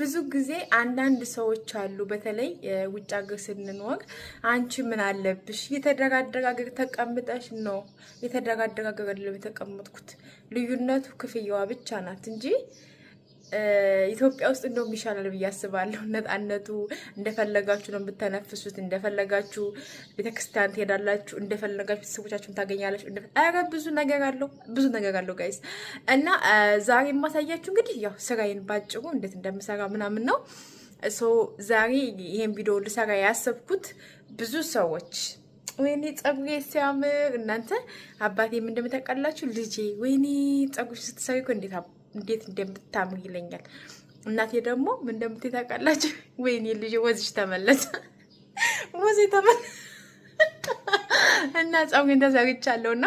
ብዙ ጊዜ አንዳንድ ሰዎች አሉ፣ በተለይ ውጭ ሀገር ስንኖር አንቺ ምን አለብሽ የተደጋደጋገር ተቀምጠሽ ነው። የተደጋደጋገር ሀገር ተቀመጥኩት ልዩነቱ ክፍያዋ ብቻ ናት እንጂ ኢትዮጵያ ውስጥ እንደውም ይሻላል ብዬ አስባለሁ። ነፃነቱ እንደፈለጋችሁ ነው የምትተነፍሱት። እንደፈለጋችሁ ቤተክርስቲያን ትሄዳላችሁ፣ እንደፈለጋችሁ ቤተሰቦቻችሁን ታገኛላችሁ። ኧረ ብዙ ነገር አለው፣ ብዙ ነገር አለው ጋይስ። እና ዛሬ የማሳያችሁ እንግዲህ ያው ስራዬን ባጭሩ እንዴት እንደምሰራ ምናምን ነው። ሶ ዛሬ ይሄን ቪዲዮ ልሰራ ያሰብኩት ብዙ ሰዎች ወይኔ ጸጉሬ ሲያምር እናንተ አባቴ ምን እንደምታውቃላችሁ፣ ልጄ ወይኔ ጸጉር ስትሰሪ እኮ እንዴት እንዴት እንደምታምር ይለኛል። እናቴ ደግሞ ምን እንደምትይ ታውቃላችሁ? ወይኔ ልጅ ወዝሽ ተመለሰ፣ ወዝ ተመለሰ እና ጻው ግን እና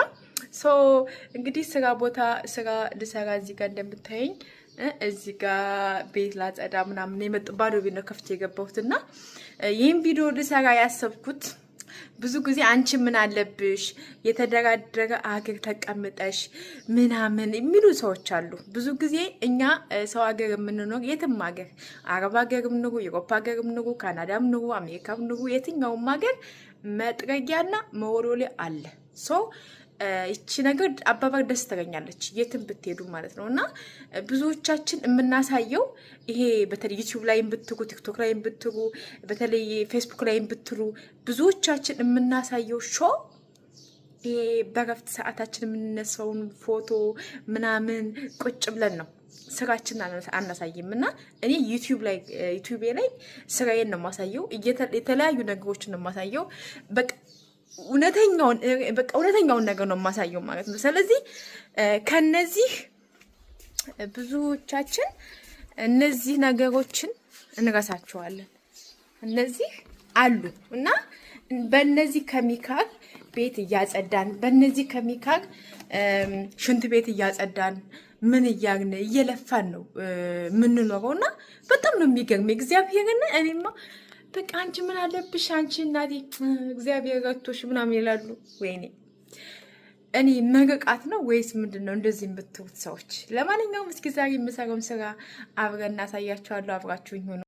ሶ እንግዲህ ስራ ቦታ ስራ ልሰራ እዚህ ጋር እንደምታየኝ እዚህ ጋር ቤት ላጸዳ ምናምን የመጡ ባዶ ቤት ነው ከፍቼ የገባሁት እና ይህን ቪዲዮ ልሰራ ያሰብኩት ብዙ ጊዜ አንቺ ምን አለብሽ የተደራደረ አገር ተቀምጠሽ ምናምን የሚሉ ሰዎች አሉ። ብዙ ጊዜ እኛ ሰው ሀገር የምንኖር የትም ሀገር አረብ ሀገርም ኑሩ፣ ዩሮፓ ሀገርም ኑሩ፣ ካናዳም ኑሩ፣ አሜሪካም ኑሩ፣ የትኛውም ሀገር መጥረጊያና መወሎሌ አለ። ይቺ ነገር አባባል ደስ ተገኛለች የትም ብትሄዱ ማለት ነው። እና ብዙዎቻችን የምናሳየው ይሄ በተለይ ዩቲዩብ ላይ ብትሉ፣ ቲክቶክ ላይ ብትጉ፣ በተለይ ፌስቡክ ላይ ብትሉ ብዙዎቻችን የምናሳየው ሾ ይሄ በረፍት ሰዓታችን የምንነሳውን ፎቶ ምናምን ቁጭ ብለን ነው ስራችን አናሳይም እና እኔ ዩቲዩቤ ላይ ስራዬን ነው የማሳየው፣ የተለያዩ ነገሮችን ነው የማሳየው በቃ እውነተኛውን በቃ እውነተኛውን ነገር ነው የማሳየው ማለት ነው። ስለዚህ ከነዚህ ብዙዎቻችን እነዚህ ነገሮችን እንረሳቸዋለን። እነዚህ አሉ እና በእነዚህ ኬሚካል ቤት እያጸዳን በእነዚህ ከሚካር ሽንት ቤት እያጸዳን ምን እያልን እየለፋን ነው የምንኖረው እና በጣም ነው የሚገርም እግዚአብሔርና እኔማ በቃ አንቺ ምን አለብሽ አንቺ እናቴ እግዚአብሔር ረቶሽ ምናምን ይላሉ። ወይኔ እኔ መግቃት ነው ወይስ ምንድን ነው እንደዚህ የምትውት ሰዎች? ለማንኛውም እስኪ ዛሬ የምሰራውን ስራ አብረን እናሳያቸዋለሁ። አብራችሁኝ ሆኖ